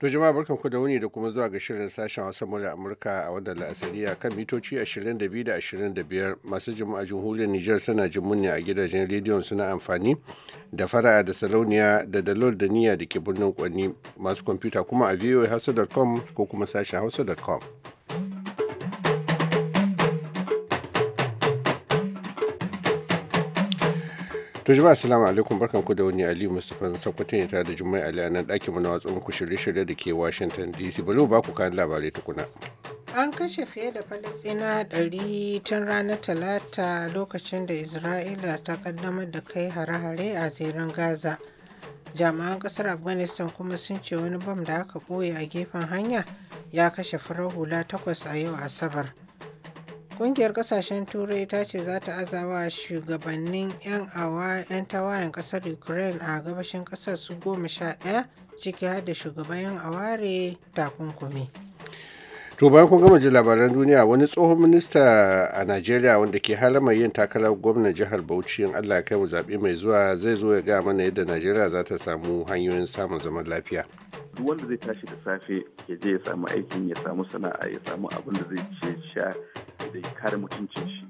To jama'a barkan ku da wuni da kuma zuwa ga shirin sashen Hausa murya Amurka a wannan la'asariya kan mitoci 22 da 25 masu jama'a jamhuriyar Nijar suna ne a gidajen rediyon suna amfani da fara'a da salauniya da dalol da niyya da ke birnin kwanni masu kwamfuta kuma a voa.com ko kuma sashen hausa.com. to jama'a assalamu alaikum barkan ku da wani ali mustapha sakwatin ya da jummai ali a nan ɗakin mu na watsa ku shirye-shirye da ke washington dc bari mu ba ku kayan labarai tukuna an kashe fiye da falastina ɗari tun ranar talata lokacin da isra'ila ta kaddamar da kai hare-hare a zirin gaza jami'an kasar afghanistan kuma sun ce wani bam da aka ɓoye a gefen hanya ya kashe farar hula takwas a yau asabar Ƙungiyar ƙasashen Turai ta ce za ta azawa shugabannin 'yan tawayen ƙasar Ukraine a gabashin ƙasar su goma sha ɗaya ciki har da shugaban 'yan aware takunkumi. To bayan kun gama ji labaran duniya wani tsohon minista a nigeria wanda ke halama yin takarar gwamnan jihar Bauchi in Allah kai mu zaɓe mai zuwa zai zo ya gaya mana yadda nigeria za ta samu hanyoyin samun zaman lafiya. duk wanda zai tashi da safe ya je ya samu aikin ya samu sana'a ya samu abin da zai ce sha da ya kare mutuncin shi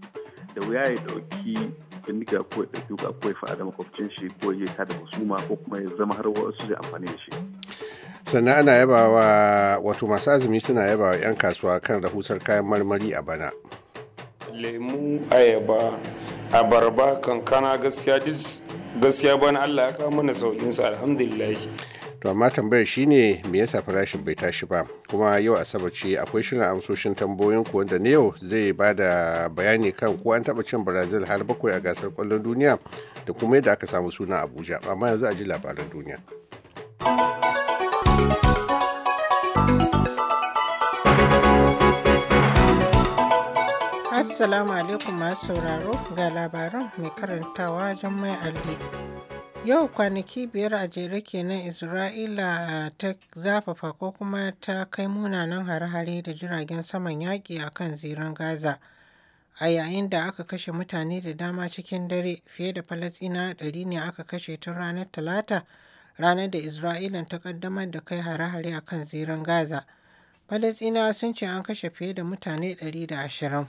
da wuya ya dauki bindiga ko ya dauki ko ya faɗa makwabcin shi ko ya tada husuma ko kuma ya zama har wasu zai amfani da shi sannan ana yaba wa wato masu azumi suna yaba wa 'yan kasuwa kan rahusar kayan marmari a bana lemu ayaba abarba kankana gaskiya gaskiya bana allah ya kawo mana sauƙinsa alhamdulillah to amma tambayar shine me yasa farashin bai tashi ba kuma yau asabar ce akwai shirin amsoshin tambayoyin ku wanda ne yau zai ba da bayani kan ko an taba cin brazil har bakwai a gasar kwallon duniya da kuma yadda aka samu suna abuja amma yanzu a ji labaran duniya Assalamu alaikum masu sauraro ga labaran mai karantawa Jummai Ali. Yau kwanaki biyar a jere kenan Isra'ila ta zafafa ko kuma ta kai munanan hare-hare da jiragen saman yaƙi a kan zirin Gaza, a yayin da aka kashe mutane da dama cikin dare fiye da Falasina ɗari ne aka kashe tun ranar Talata, ranar da Isra'ilan ta ƙaddamar da kai hare-hare a kan zirin Gaza. Falasina sun ce an kashe fiye da mutane ɗari da ashirin.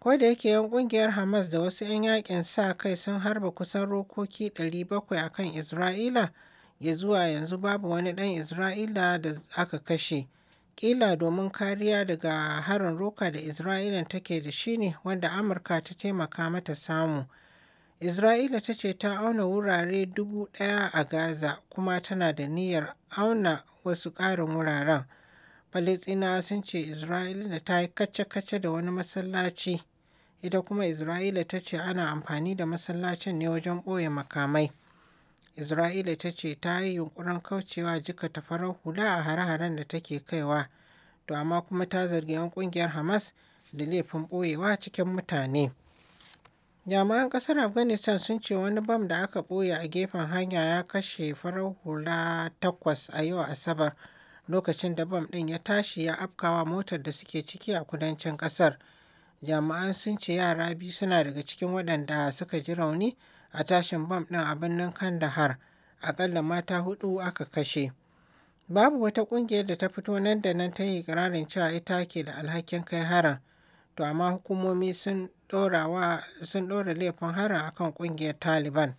ko da yake 'yan ƙungiyar Hamas da wasu 'yan yakin sa-kai sun harba kusan rokoki 700 a kan Isra'ila, ya zuwa yanzu babu wani 'dan Isra'ila da aka kashe, ƙila domin kariya daga harin roka da Isra'ilan take da shi ne wanda Amurka ta taimaka mata samu. Isra'ila ta ce ta auna wurare dubu ɗaya a Gaza kuma tana da niyyar auna wasu ƙarin wuraren. Falasɗinawa sun ce Isra'ila ta yi kace-kace da wani masallaci, ita kuma Isra'ila ta ce ana amfani da masallacin ne wajen ɓoye makamai. Isra'ila ta ce ta yi yunƙurin kaucewa jika ta farar hula a hare-haren da take kaiwa, to amma kuma ta zargi 'yan ƙungiyar Hamas da laifin ɓoyewa cikin mutane. Jami'an ƙasar Afghanistan sun ce wani bam da aka ɓoye a gefen hanya ya kashe farar hula takwas a yau Asabar. lokacin da bam ɗin ya tashi ya afkawa motar da suke ciki a kudancin ƙasar. Jami'an sun ce yara biyu suna daga cikin waɗanda suka ji rauni a tashin bam ɗin a birnin Kandahar. Aƙalla mata hudu aka kashe. Babu wata ƙungiyar da ta fito nan da nan ta yi ƙirarin cewa ita ke da alhakin kai harin. To amma hukumomi sun ɗora laifin harin akan ƙungiyar Taliban.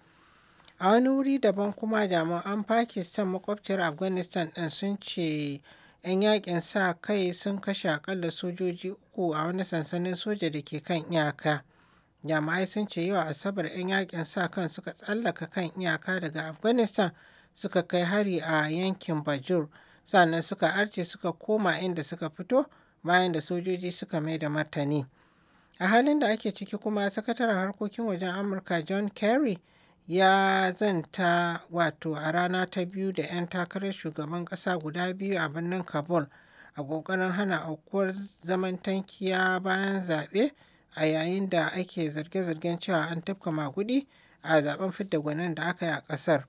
A wani wuri daban kuma jami'an Pakistan makwabciyar Afghanistan ɗin sun ce 'yan yakin sa-kai sun kashe akalla sojoji uku a wani sansanin soja da ke kan iyaka. Jami'ai sun ce yau Asabar 'yan yakin sa-kan suka tsallaka kan iyaka daga Afghanistan suka kai hari a yankin Bajur sannan suka arce suka koma inda suka fito bayan da sojoji suka mai da martani. A halin da ake ciki kuma sakataren harkokin wajen Amurka John Kerry ya zanta wato a rana ta biyu da 'yan takarar shugaban kasa guda biyu a birnin kabul a ƙoƙarin hana aukuwar zaman tankiya bayan zaɓe a yayin da ake zarge-zargen cewa an tafka magudi a zaben fidda gwanin da aka yi a ƙasar.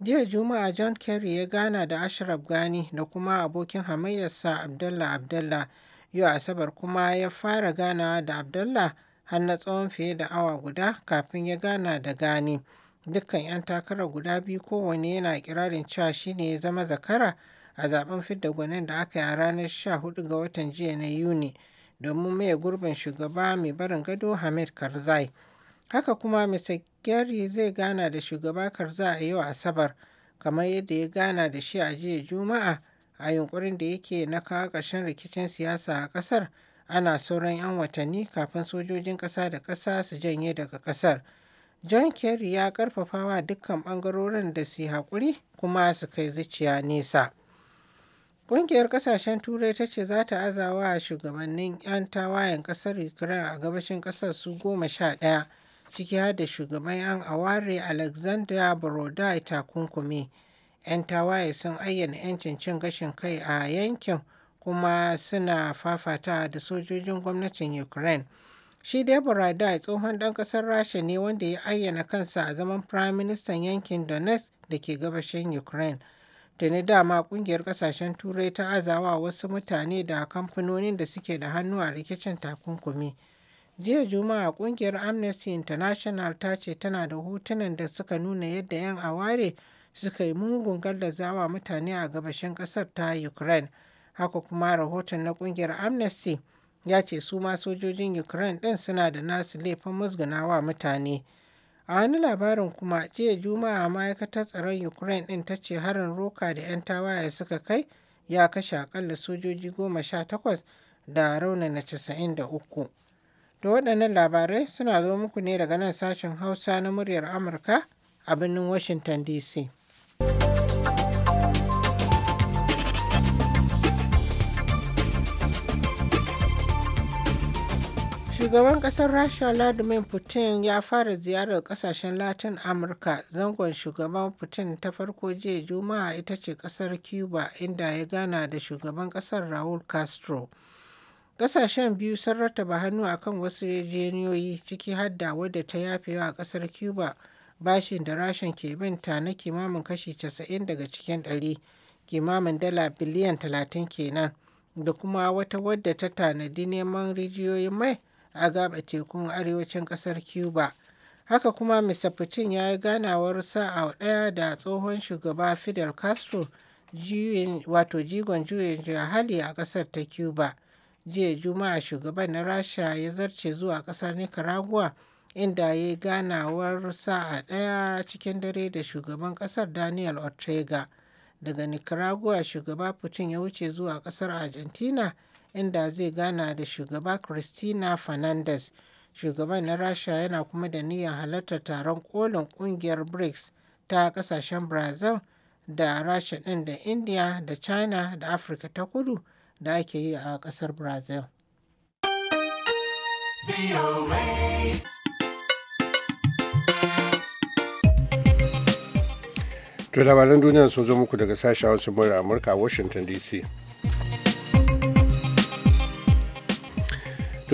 jiya juma'a john kerry ya gana da ashraf gani da kuma abokin hamayyarsa abdullah abdullah yau asabar kuma ya fara ganawa da abdullah har na tsawon fiye da awa guda kafin ya gana da gani. dukkan 'yan takarar guda biyu kowanne yana kirarin cewa shine ya zama zakara a zaben fidda gwanin da aka yi a ranar 14 ga watan jiya na yuni domin maye gurbin shugaba mai barin gado hamid karzai haka kuma mr gary zai gana da shugaba karzai a yau asabar kamar yadda ya gana da shi a jiya juma'a a yunkurin da yake na kawo ƙarshen rikicin siyasa a ƙasar ana sauran 'yan watanni kafin sojojin ƙasa da ƙasa su janye daga ƙasar. John Kerry ya wa dukkan ɓangarorin da su yi haƙuri kuma su kai zuciya nesa. Ƙungiyar ƙasashen Turai ta ce za ta azawa shugabannin 'yan tawayen ƙasar Ukraine a gabashin ƙasar su goma sha ɗaya, ciki har da shugaban 'yan aware Alexander Borodai takunkumi. 'Yan tawaye sun ayyana 'yancin cin gashin kai a yankin kuma suna fafata da sojojin gwamnatin Ukraine. Shi dai Baradei tsohon ɗan ƙasar Rasha ne wanda ya ayyana kansa a zaman Firaministan yankin Donetsk da ke gabashin Ukraine. Tuni dama ƙungiyar ƙasashen Turai ta azawa wasu mutane da kamfanonin da suke da hannu a rikicin takunkumi. Jiya Juma'a ƙungiyar Amnesty International ta ce tana da hotunan da suka nuna yadda 'yan aware suka yi mugun gallazawa mutane a gabashin ƙasar ta Ukraine. Haka kuma rahoton na ƙungiyar Amnesty ya ce su ma sojojin ukraine ɗin suna da nasu laifin musgunawa mutane a wani labarin kuma jiya juma'a ma'aikatar tsaron ukraine ɗin ta ce harin roka da 'yan tawaye suka kai ya kashe akalla sojoji goma sha takwas da raunana casa'in da uku da waɗannan labarai suna zo muku ne daga nan sashen hausa na muryar amurka a birnin washington dc Shugaban ƙasar Rasha Vladimir Putin ya fara ziyarar kasashen Latin Amurka. Zangon shugaban Putin ta farko jiya Juma'a ita ce kasar Cuba inda ya gana da shugaban kasar Raul Castro. kasashen biyu sun rattaba hannu a kan wasu yarjejeniyoyi ciki hadda wadda ta yafe yafewa kasar Cuba bashin da rashin ke binta na kimamin kashi 90 daga cikin ɗari kimamin dala biliyan 30 kenan da kuma wata wadda ta tanadi neman rijiyoyin mai a gaba tekun arewacin kasar cuba haka kuma mr putin ya yi ganawar sa'a ɗaya da tsohon shugaba fidel castro wato jigon juyin hali a kasar ta cuba jiya juma'a shugaban na rasha ya zarce zuwa kasar nicaragua inda ya yi ganawar sa'a ɗaya cikin dare da shugaban ƙasar daniel ortega daga nicaragua shugaba putin ya wuce zuwa ƙasar argentina inda zai gana da shugaba christina Fernandez. Shugaban na Rasha yana kuma da niyyar halartar taron kolin kungiyar BRICS ta kasashen Brazil da Rasha ɗin da India da China da Afirka ta kudu da ake yi a kasar Brazil. To labaran duniya sun zo muku daga sashen hausa murar Amurka a Washington DC.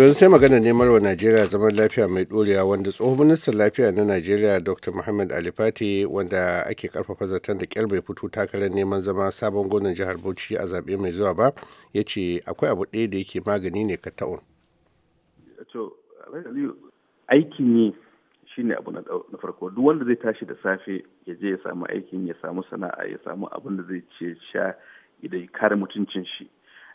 to sai magana neman wa najeriya zaman lafiya mai dorewa wanda tsohon ministan lafiya na najeriya dr muhammad alifati wanda ake karfafa zaton da kyar bai fito takarar neman zama sabon gonar jihar bauchi a zaɓe mai zuwa ba ya ce akwai abu ɗaya da yake magani ne ka ta'un aikin yi shine abu na farko duk wanda zai tashi da safe ya je ya samu aikin ya samu sana'a ya samu abin da zai ce sha idan kare mutuncin shi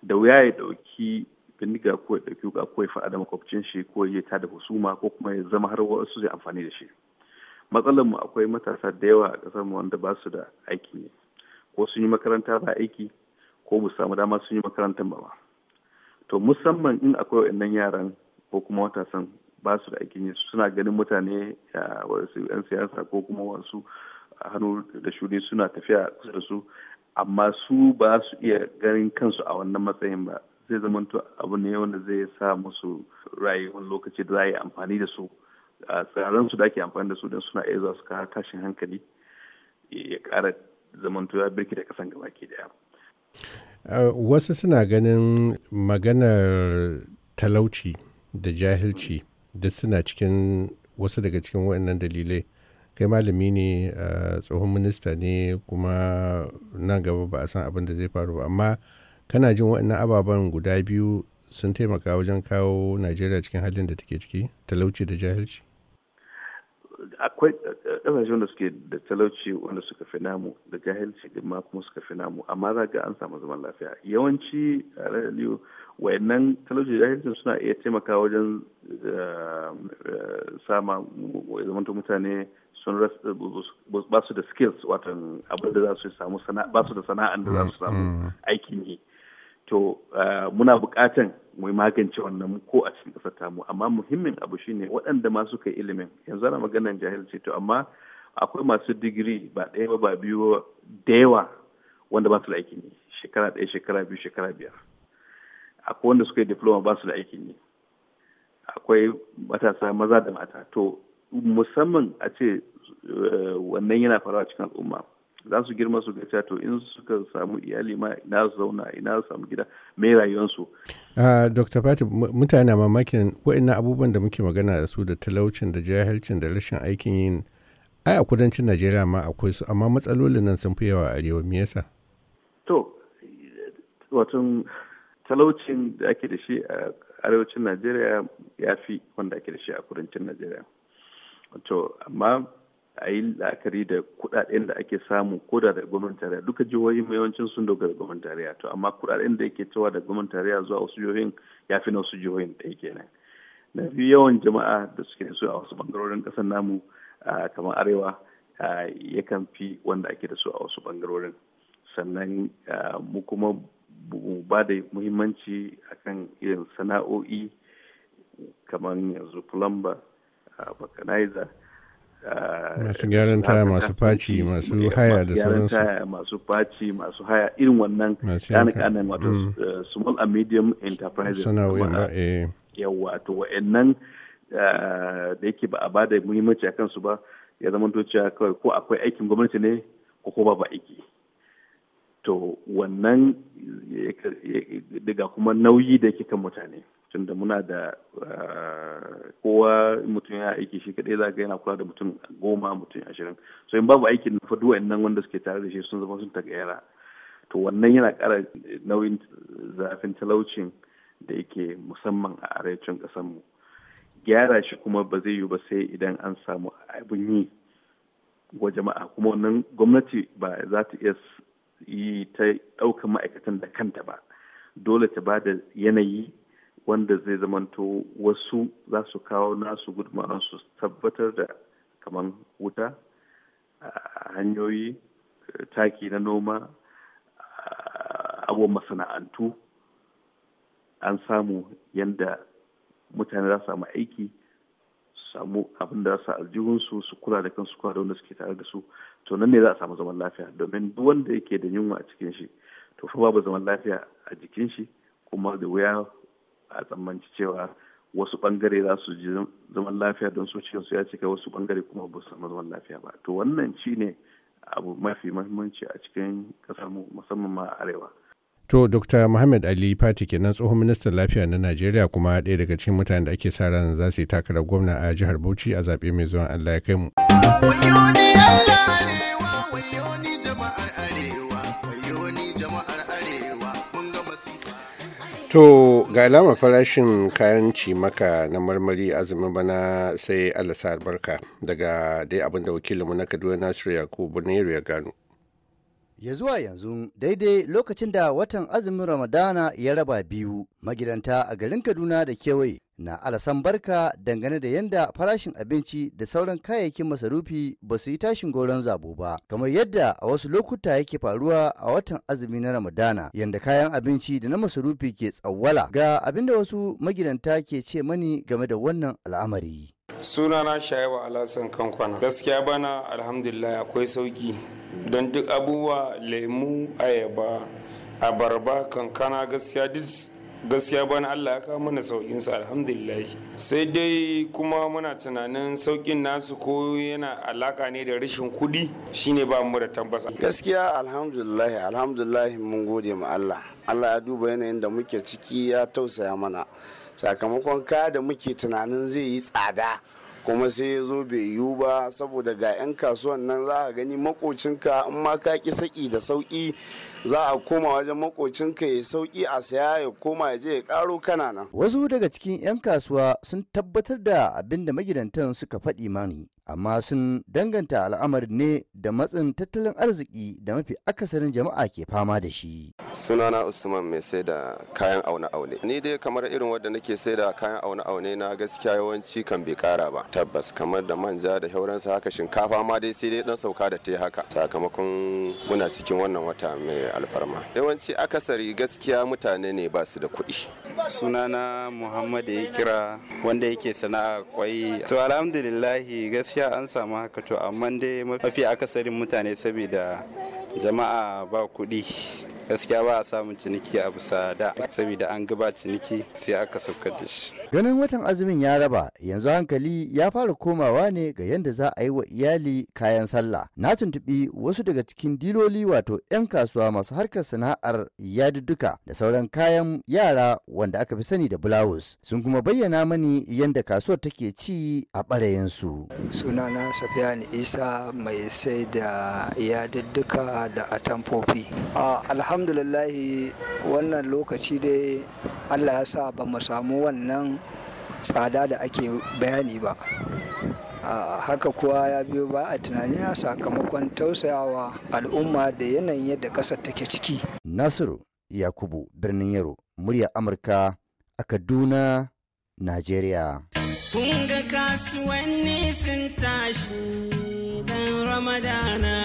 da wuya ya dauki bindiga ko ya ɗauki wuƙa ko ya faɗa da makwabcin shi ko ya ta da husuma ko kuma ya zama har wasu zai amfani da shi matsalar mu akwai matasa da yawa a ƙasar mu wanda ba su da aiki ne ko sun yi makaranta ba aiki ko ba samu dama sun yi makarantar ba to musamman in akwai waɗannan yaran ko kuma matasan ba su da aikin yi suna ganin mutane wasu 'yan siyasa ko kuma wasu hannu da shuni suna tafiya kusa da su amma su ba su iya ganin kansu a wannan matsayin ba zai zamanto abu ne wanda zai sa musu rayuwar lokaci da za a yi amfani da su a tsiraren su da ake amfani da su don suna iya zuwa su kawo tashin hankali ya kara zamanto ya birki da kasan gaba ke daya. wasu suna ganin maganar talauci da jahilci da suna cikin wasu daga cikin waɗannan dalilai kai malami ne tsohon minista ne kuma nan gaba ba a san abin da zai faru ba amma kana jin waɗannan ababen guda biyu sun taimaka wajen kawo najeriya cikin halin da take ciki talauci da jahilci akwai ƙasashen da suke da talauci wanda suka fi namu da jahilci din ma kuma suka fi namu amma za ga an samu zaman lafiya yawanci a radiyo wayannan talauci da jahilci suna iya taimaka wajen eh, sama zamanta mutane sun ba su da skills watan abin da za su samu ba su da sana'an da za su samu mm-hmm. aikin yi to eh, muna buƙatan mu magance wannan ko a cikin ƙasar tamu amma muhimmin abu shine waɗanda ma suka yi ilimin yanzu ana maganar jahilci to amma akwai masu digiri ba ɗaya ba ba biyu da yawa wanda ba su da aikin yi shekara ɗaya shekara biyu shekara biyar akwai wanda suka yi diploma ba su da aikin yi akwai matasa maza da mata to musamman a ce eh, wannan yana faruwa cikin al'umma za su girma su ga to in suka samu iyali ma ina zauna ina samu gida mai rayuwarsu. dr fati mutane mamakin na abubuwan da muke magana da su da talaucin da jahilcin da rashin aikin yin ai a kudancin najeriya ma akwai su amma matsalolin nan sun fi yawa arewa me yasa to watan talaucin da ake da shi a arewacin najeriya ya fi wanda ake da shi a kudancin najeriya to amma a yi la'akari da kudaden da ake samu ko da daga gwamnatin tarayya duka jihohi mai yawancin sun dogara da gwamnatin tarayya to amma kudaden da yake cewa da gwamnatin tarayya zuwa wasu jihohin ya fi na wasu jihohin ɗaya nan na biyu yawan jama'a da suke su a wasu bangarorin kasar namu kamar arewa yakan fi wanda ake da su a wasu bangarorin sannan mu kuma ba da muhimmanci akan irin sana'o'i kamar yanzu plumber vulcanizer Eh, masu gyaran taya masu faci masu haya da sauransu taya masu faci masu haya irin wannan kanin kanin wato mm. eh, small and medium enterprises suna wa'anda eh yawa to wa'annan eh, da yake ba a ba da muhimmanci akan su ba ya zama to cewa kawai ko akwai aikin gwamnati ne ko ko ba ba aiki to wannan daga kuma nauyi da yake kan mutane tunda muna da eh, kowa mutum ya aiki shi kadai za ka yana kula da mutum goma mutum ashirin so in babu aikin na duk nan wanda suke tare da shi sun zama sun tagayyara to wannan yana kara nauyin zafin talaucin da yake musamman a arewacin mu gyara shi kuma ba zai yi ba sai idan an samu abin yi wa jama'a kuma wannan gwamnati ba za ta iya yi ta ɗaukar ma'aikatan da kanta ba dole ta ba da yanayi wanda zai zamanto wasu za su kawo nasu gudunmawar su tabbatar da kamar wuta hanyoyi taki na noma abubuwan masana'antu an samu yadda mutane za su samu aiki samu abin da za aljihunsu su kula da kansu kula da wanda suke tare da su to nan ne za a samu zaman lafiya domin duk wanda yake da yunwa a cikin shi to fa babu zaman lafiya a jikin shi kuma da wuya a tsammanci cewa wasu bangare za su ji zaman lafiya don su ya cika wasu bangare kuma ba su samu zaman lafiya ba to wannan ci ne abu mafi mahimmanci a cikin kasar musamman ma arewa to dr muhammad ali fati kenan tsohon ministan lafiya na najeriya kuma ɗaya daga cikin mutanen da ake sa ran za su yi takarar gwamna a jihar bauchi a zaɓe mai zuwan allah ya kai mu To ga alama farashin kayan cimaka na marmari azumin bana sai Allah sa albarka daga dai abinda wakilinmu na Kaduna Nasiru Yakubu ne ya gano. Ya zuwa yanzu daidai lokacin da watan azumin Ramadana ya raba biyu magidanta a garin Kaduna da kewaye na alasan barka dangane da yadda farashin abinci da sauran kayayyakin masarufi ba su yi tashin goron zabo ba kamar yadda a wasu lokuta yake faruwa a watan azumi na ramadana yadda kayan abinci da na masarufi ke tsawwala ga abinda wasu magidanta ke ce mani game da wannan al'amari sunana shayawa alasan kankwana gaskiya bana alhamdulillah akwai sauki don duk abubuwa lemu ayaba abarba kankana gaskiya duk gaskiya bana Allah ya kawo mana saukin su alhamdulillah sai dai kuma muna tunanin saukin nasu ko yana alaka ne da rashin kudi shine ba mu da tabbas gaskiya alhamdulillah alhamdulillah mun gode ma Allah Allah ya duba yanayin da muke ciki ya tausaya mana sakamakon kaya da muke tunanin zai yi tsada kuma sai ya zo bai yiwu ba saboda ga 'yan kasuwan nan za a gani makocinka in ma ka ki saki da sauki za a koma wajen makocinka ya sauki a saya ya koma ya je ya karo kana wasu daga cikin 'yan kasuwa sun tabbatar da abinda da magidantan suka faɗi mani amma sun danganta al'amarin ne da matsin tattalin arziki da mafi akasarin jama'a ke fama da shi. Sunana Usman mai sai da kayan aune-aune. Ni dai kamar irin wadda nake sai da kayan aune-aune na gaskiya yawanci kan bai kara ba. Tabbas kamar da manja da hauransa haka shinkafa ma dai sai dai dan sauka da ta haka. Sakamakon muna cikin wannan wata mai alfarma. Yawanci akasari gaskiya mutane ne ba su da kuɗi. Sunana Muhammad ya kira wanda yake sana'a kwai. To alhamdulillahi gaskiya gaskiya an samu haka to amma dai mafi akasarin mutane saboda jama'a ba kuɗi gaskiya ba a samun ciniki a bisa da saboda an gaba ciniki sai aka saukar da shi ganin watan azumin ya raba yanzu hankali ya fara komawa ne ga yadda za a yi wa iyali kayan sallah na tuntubi wasu daga cikin diloli wato 'yan kasuwa masu harkar sana'ar yadudduka da sauran kayan yara wanda aka fi sani da bulawus sun kuma bayyana mani yadda kasuwar take ci a ɓarayinsu sunana safiyan isa mai sai da yadudduka da atamfofi ah, alhamdulillah alhamdulillahi wannan lokaci dai allah ya sa ba mu samu wannan tsada da ake bayani ba haka kuwa ya biyo ba a tunani a sakamakon tausayawa al'umma da yanayin yadda ƙasar take ciki nasiru yakubu birnin yaro murya amurka a kaduna najeriya kasuwanni sun tashi don ramadana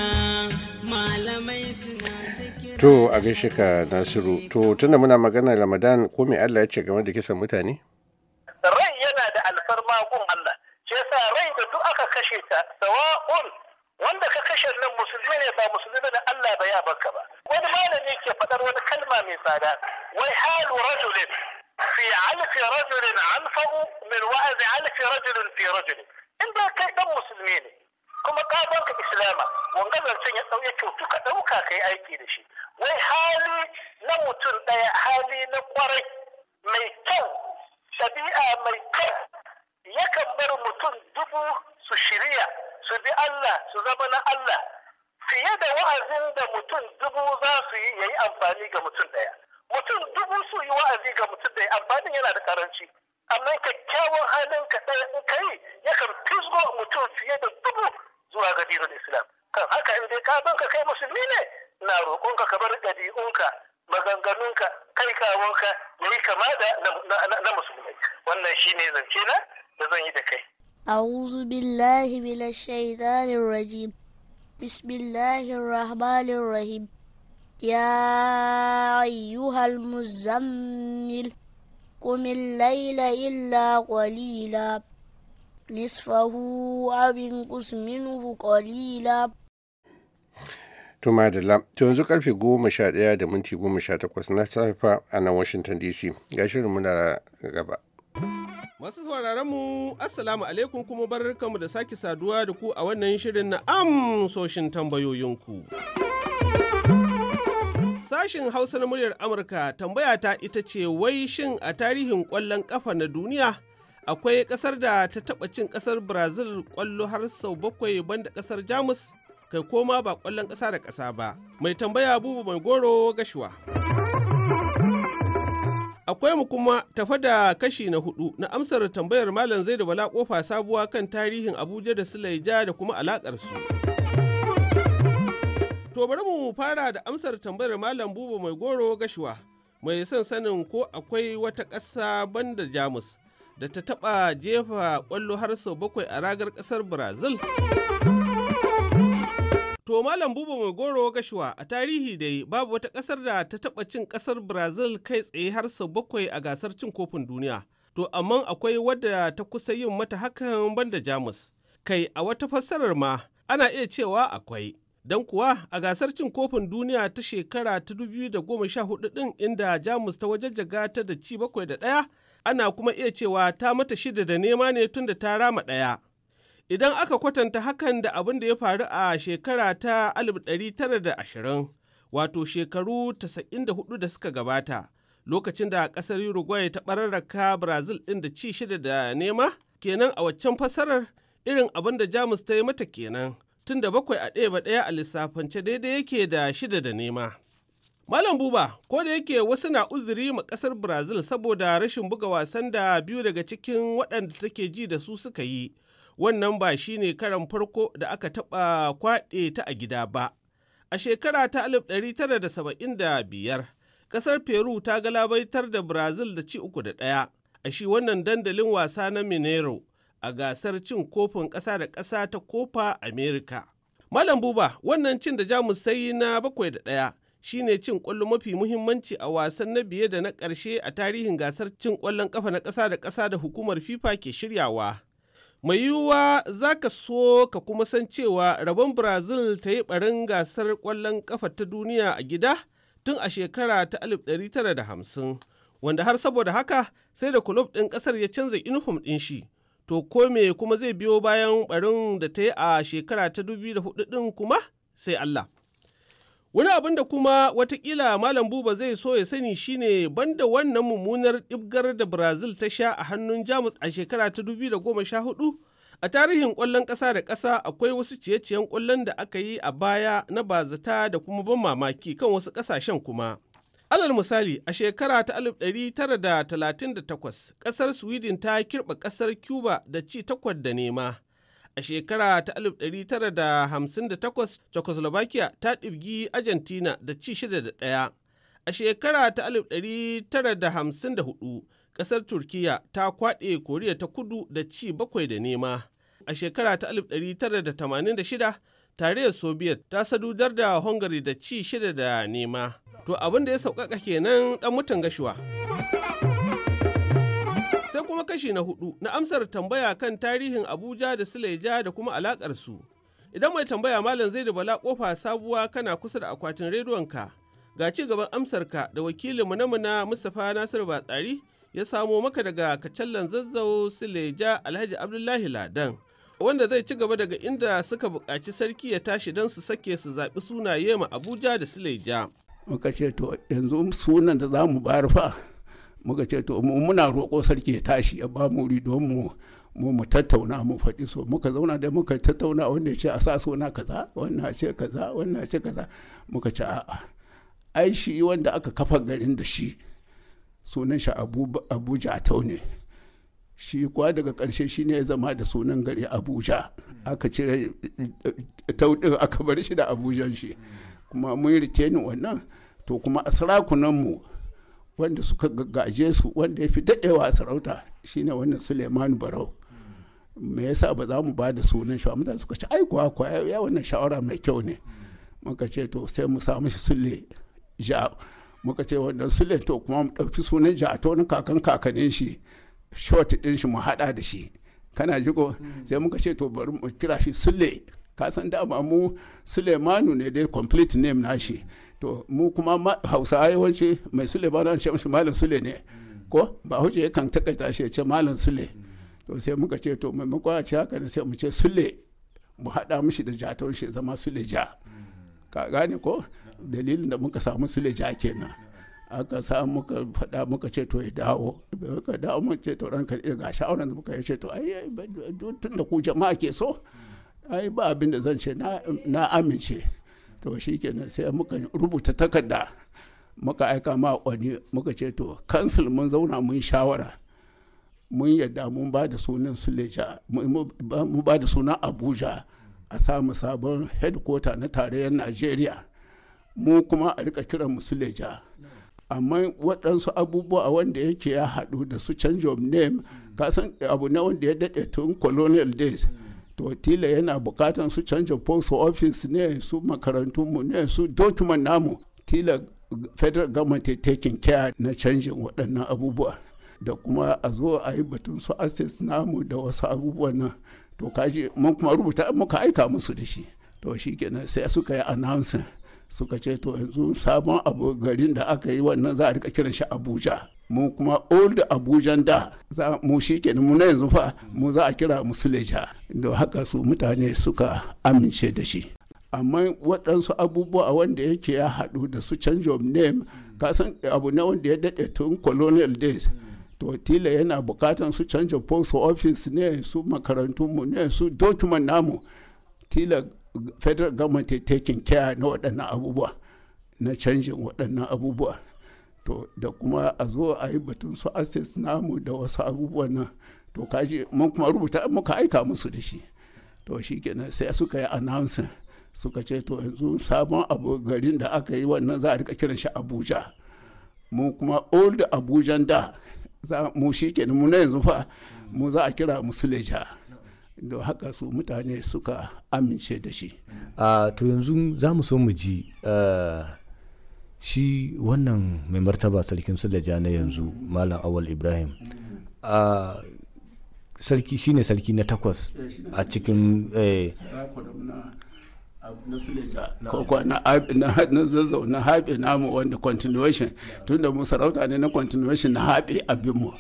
malamai suna To a gaishe ka Nasiru, to tunda muna magana Ramadan ko me Allah ya ce game da kisan mutane? Rai yana da alfarma gun Allah, shi yasa rai da duk aka kashe ta, sawa'un wanda ka kashe nan musulmi ne ba musulmi ne Allah ba ya baka ba. Wani malami ke faɗar wani kalma mai tsada, wai halu rajulin fi alfi rajulin alfa'u min wa'azi alfi rajulin fi rajulin. In ba kai dan musulmi ne, kuma ka banka islama wanga zancen ya sauya cutu ka ɗauka ka yi aiki da shi wai hali na mutum ɗaya hali na kwarai mai kyau Sabi'a mai kyau yakan bar mutum dubu su shirya su bi Allah su zama na Allah fiye da wa'azin da mutum dubu za su yi ya yi amfani ga mutum ɗaya mutum dubu su yi wa'azi ga mutum ɗaya amfanin yana da karanci amma kyakkyawan halin ka ɗaya in ka yi yakan fisgo mutum fiye da dubu zuwa ga dinin islam kan haka in dai ka banka kai musulmi ne na roƙonka ka bar ɗabi'unka maganganunka kai kawonka ya yi kama da na musulmi. wannan shine zance na da zan yi da kai أعوذ بالله من الشيطان الرجيم بسم الله الرحمن الرحيم يا أيها المزمل قم الليل إلا nisfahu abin minhu qalila tuma da la to yanzu karfe goma sha ɗaya da minti goma sha takwas na safa a nan washington dc ga shirin muna gaba Masu sauraron mu Assalamu alaikum kuma barkanmu da sake saduwa da ku a wannan shirin na amsoshin tambayoyinku. Sashin Hausa na muryar Amurka tambaya ta ita ce wai shin a tarihin ƙwallon ƙafa na duniya akwai ƙasar da ta taɓa cin ƙasar brazil ƙwallo har sau bakwai banda ƙasar jamus kai koma ba ƙwallon ƙasa da ƙasa ba mai tambaya bubu mai goro gashuwa akwai mu kuma tafa da kashi na hudu na amsar tambayar malam zai da bala kofa sabuwa kan tarihin abuja da sulaija da kuma su to bari mu fara da amsar tambayar malam bubu mai goro gashuwa mai son sanin ko akwai wata ƙasa banda jamus da ta taɓa jefa ƙwallo har sau bakwai a ragar ƙasar Brazil. To Malam Buba Mai Goro Gashuwa a tarihi dai babu wata ƙasar da ta taba cin ƙasar Brazil kai tsaye har sau bakwai a gasar cin kofin duniya. To amma akwai wadda ta kusa yin mata hakan banda Jamus. Kai a wata fassarar ma ana iya cewa akwai. Don kuwa a gasar cin kofin duniya ta shekara ta 2014 ɗin inda Jamus ta wajajjaga ta da ci bakwai da ɗaya ana kuma iya cewa ta mata shida da nema ne tun da ta rama ɗaya. Idan aka kwatanta hakan da abin da ya faru a shekara ta 1920, wato shekaru 94 da suka gabata, lokacin da ƙasar Uruguay ta bararraka Brazil ɗin da ci shida da nema, kenan a waccan fasarar irin abin da Jamus ta yi mata kenan, tun da bakwai a ɗaya ba ɗaya a lissafance daidai yake da shida da nema. Malam Buba, ko da yake wasu na uzuri ma ƙasar Brazil saboda rashin buga wasan da biyu daga cikin waɗanda take ji da su suka yi, wannan ba shi ne karan farko da aka taɓa kwaɗe ta a gida ba. A shekara ta 1975, ƙasar Peru ta galabaitar da Brazil da ci uku da ɗaya, a shi wannan dandalin wasa na Mineiro a gasar cin kofin ƙasa da ƙasa ta Copa America. Malam Buba, wannan cin da Jamus sai na bakwai da ɗaya. shine cin ƙwallo mafi muhimmanci a wasan na biye da na ƙarshe a tarihin gasar cin ƙwallon ƙafa na ƙasa da ƙasa da hukumar FIFA ke shiryawa. Mai yiwuwa za ka so ka kuma san cewa rabon Brazil ta yi ɓarin gasar ƙwallon ƙafa ta duniya a gida tun a shekara ta 1950, wanda har saboda haka sai da kulob ɗin ƙasar ya canza inifom ɗin shi. To ko me kuma zai biyo bayan ɓarin da ta yi a shekara ta 2004 ɗin kuma sai Allah. Wani abin da kuma watakila Malam Buba zai so ya sani shine banda wannan mummunar ɗibgar da Brazil ta sha a hannun Jamus a shekara ta 2014 a tarihin kwallon ƙasa da ƙasa akwai wasu ciye-ciyen ƙwallon da aka yi a baya na bazata da kuma ban mamaki kan wasu ƙasashen kuma. Alal misali a shekara ta 1938 ƙasar Sweden ta kirɓa ƙasar Cuba da ci takwas da nema. A shekara ta 1958, Czechoslovakia ta ɗibgi Argentina da ci shida da ɗaya. A shekara ta 1954, ƙasar Turkiyya ta kwaɗe Koriya ta kudu da ci bakwai da nema. A shekara ta 1986, tarayyar Soviet ta sadudar da Hungary da ci shida da nema. To abin da ya sauƙaƙa kenan ɗan mutan gashuwa. kuma kashi na hudu na amsar tambaya kan tarihin Abuja da Suleja da kuma alakarsu. Idan mai tambaya Malam Zaidu Bala kofa sabuwa kana kusa da akwatin rediyonka. Ga ci gaban amsarka da wakilin na muna Mustapha Nasiru Batsari ya samo maka daga kacallan zazzau Suleja Alhaji Abdullahi Ladan. Wanda zai ci gaba daga inda suka buƙaci sarki ya tashi don su sake su zaɓi sunaye mu Abuja da Suleja. Muka ce to yanzu sunan da za mu fa muka ce to muna roƙo sarki ya tashi ya ba mu don mu mu tattauna mu faɗi so muka zauna da muka tattauna wanda ya ce a sa suna kaza wannan ce kaza wannan ce kaza muka ce a'a ai shi wanda aka kafa garin da shi sunan shi abuja tau ne shi kuwa daga ƙarshe shi ne ya zama da sunan gari abuja aka cire taudin aka bar shi da abujan shi kuma mun yi wannan to kuma a sarakunan mu wanda suka gaje su wanda ya fi daɗewa a sarauta shine wannan suleiman barau me yasa ba za mu ba da sunan shi mutane suka ce ai kuwa kuwa ya wannan shawara mai kyau ne muka ce to sai mu samu mishi sule ja muka ce wannan sule to kuma mu ɗauki sunan ja ta wani kakan kakanin shi short ɗin shi mu haɗa da shi kana jiko sai muka ce to bari mu kira shi sule ka san dama mu suleimanu ne dai complete name nashi shi to mu kuma hausa yawanci mai sule ba ce mishi malam sule ne ko ba huje yakan takaita shi ce malam sule to sai muka ce to maimakon a ce haka ne sai mu ce sule mu haɗa mishi da jaton shi zama sule ja ka gane ko dalilin da muka samu sule ja kenan aka sa muka faɗa muka ce to ya dawo ka dawo mun ce to ranka ga shawaran da muka ce to ai tun da ku jama'a ke so ai ba abin da zan ce na amince to shi kenan sai muka rubuta takarda muka aika ma wani muka ce to kansil mun zauna mun shawara mun yadda mun ba da sunan suleja mun ba da sunan abuja a samu sabon headquarter na tarayyar najeriya mu kuma a rika kiran mu suleja amma waɗansu abubuwa wanda yake ya haɗu da su change of name kasan abu ne wanda ya daɗe tun colonial days mm. to tila yana bukatan su canja post office ne su makarantunmu ne su document namu tila federal government taking care na canjin waɗannan abubuwa da kuma a zo a yi batun su access namu da wasu abubuwan nan to kaji mun kuma rubuta muka aika musu da shi to shi kenan sai suka yi announcing suka ce to yanzu sabon abu garin da aka yi wannan za a rika kiran shi abuja mu kuma old abuja da za mu shi kenan mu na yanzu fa mu za a kira musulija. da haka su mutane suka amince da shi amma waɗansu abubuwa wanda yake ya haɗu da su change of name kasan abu na wanda ya daɗe tun colonial days to tila yana bukatan su change of post office ne su makarantunmu ne su document namu tila federal government taking care na waɗannan abubuwa na canjin waɗannan abubuwa to da kuma a zo a yi batun su access namu da wasu abubuwan nan to kaji mun kuma rubuta muka aika musu da shi to shi kenan sai suka yi announcing suka ce to yanzu sabon abu garin da aka yi wannan za a rika kiran shi abuja mu kuma old abujan da za mu shi kenan mu na yanzu fa mu za a kira leja don haka su mutane suka amince da shi ah, to yanzu za mu so mu ji eh, shi wannan mai martaba sarkin sulaja na yanzu malam awal ibrahim a sarki ne sarki na takwas eh, a cikin na zazzau na haɓe namu wanda continuation da mu sarauta ne na continuation na haɓe abinmu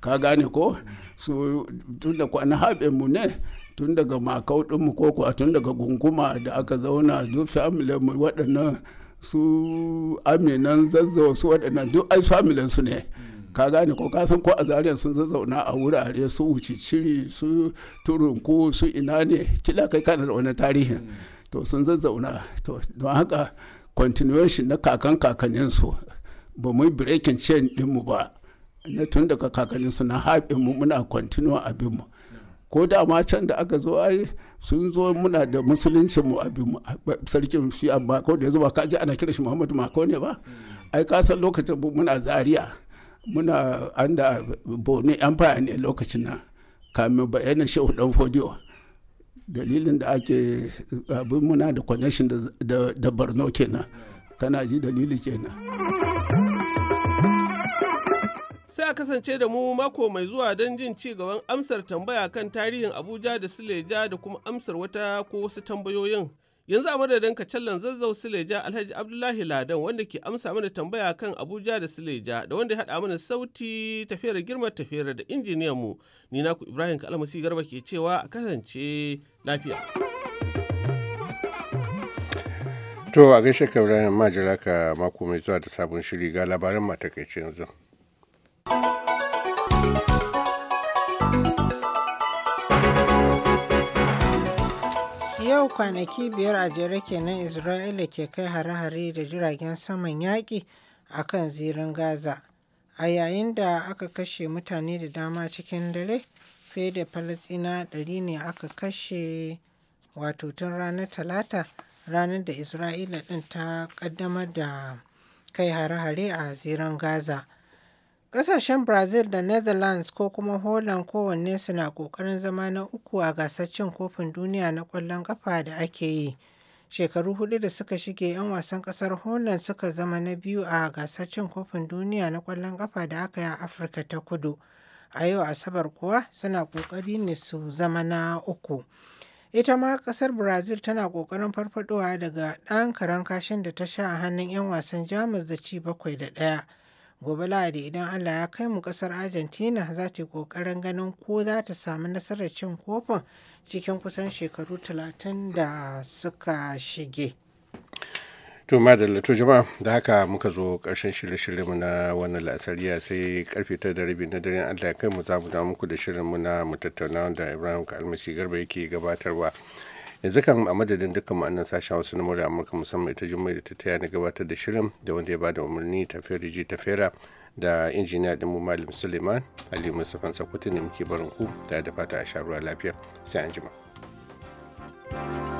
ka gane ko so tun da na haɓe mu ne tun daga makau ɗinmu ko kuwa tun daga gunguma da aka zauna duk family mu waɗannan su aminan zazzawa su waɗannan duk ai familin su ne mm. ka gane ko ka san ko a zariyar sun zazzauna a wurare su wuce ciri su turunku su ina ne kila kai kana da wani tarihin mm. to sun zazzauna to don haka continuation na kakan kakannin su ba mu breaking chain dinmu ba na tun daga kakannin su na haɓe mu muna continue abin mu ko da ma can da aka zo ai sun zo muna da musulunci mu abin sarkin shi amma ko da ya zuba ji ana kira shi muhammadu mako ne ba hmm. ai ka san lokacin muna zaria muna an da empire ne lokacin nan kamin bayanin shehu dan fodiyo dalilin da ake abin muna da connection da borno kenan kana ji dalili kenan sai a kasance da mu mako mai zuwa don jin ci gaban amsar tambaya kan tarihin abuja da sileja da kuma amsar wata ko wasu tambayoyin yanzu a madadin callan zazzau sileja alhaji abdullahi ladan wanda ke amsa mana tambaya kan abuja da sileja da wanda ya haɗa mana sauti tafiyar girma tafiyar da injiniyan mu ni naku ibrahim kalmasi garba ke cewa a kasance lafiya to a gaishe ka ibrahim majira ka mako mai zuwa da sabon shiri ga labaran matakaice yanzu yau kwanaki biyar a jere kenan Isra'ila ke kai hare-hare da jiragen saman yaƙi a kan zirin Gaza. A yayin da aka kashe mutane da dama cikin dare, fiye da Falasina ɗari ne aka kashe wato tun ranar Talata ranar da Isra'ila ɗin ta ƙaddamar da kai hare-hare a zirin Gaza. Ƙasashen Brazil da Netherlands ko kuma Holland kowanne suna ƙoƙarin zama na uku a gasar cin kofin duniya na ƙwallon ƙafa da ake yi. Shekaru hudu da suka shige 'yan wasan ƙasar Holland suka zama na biyu a gasar cin kofin duniya na ƙwallon ƙafa da aka yi a Afirka ta kudu. A yau Asabar kuwa suna ƙoƙari ne su zama na uku. Ita ma ƙasar Brazil tana ƙoƙarin farfadowa daga ɗan karan kashin da ta sha a hannun 'yan wasan Jamus da ci bakwai da ɗaya. gobe lahadi idan allah ya kai mu kasar argentina za ta yi kokarin ganin ko za ta samu nasarar cin kofin cikin kusan shekaru talatin da suka shige to madalla to jama'a da haka muka zo karshen shirye mu na wannan la'asariya sai karfe ta da rabi na daren allah ya kai mu za mu da muku da shirin mu na mu tattauna da ibrahim kalmasi garba yake gabatarwa yanzu kan a madadin dukkan ma'anar sashen wasu na murya amurka musamman ita jummai da ta taya na gabatar da shirin da wanda ya ba da umarni ta tafiya ta fera da injiniya ɗinmu malam suleiman ali musafan sakwati ne muke barin ku da da fata a sharuwa lafiya sai an jima. thank you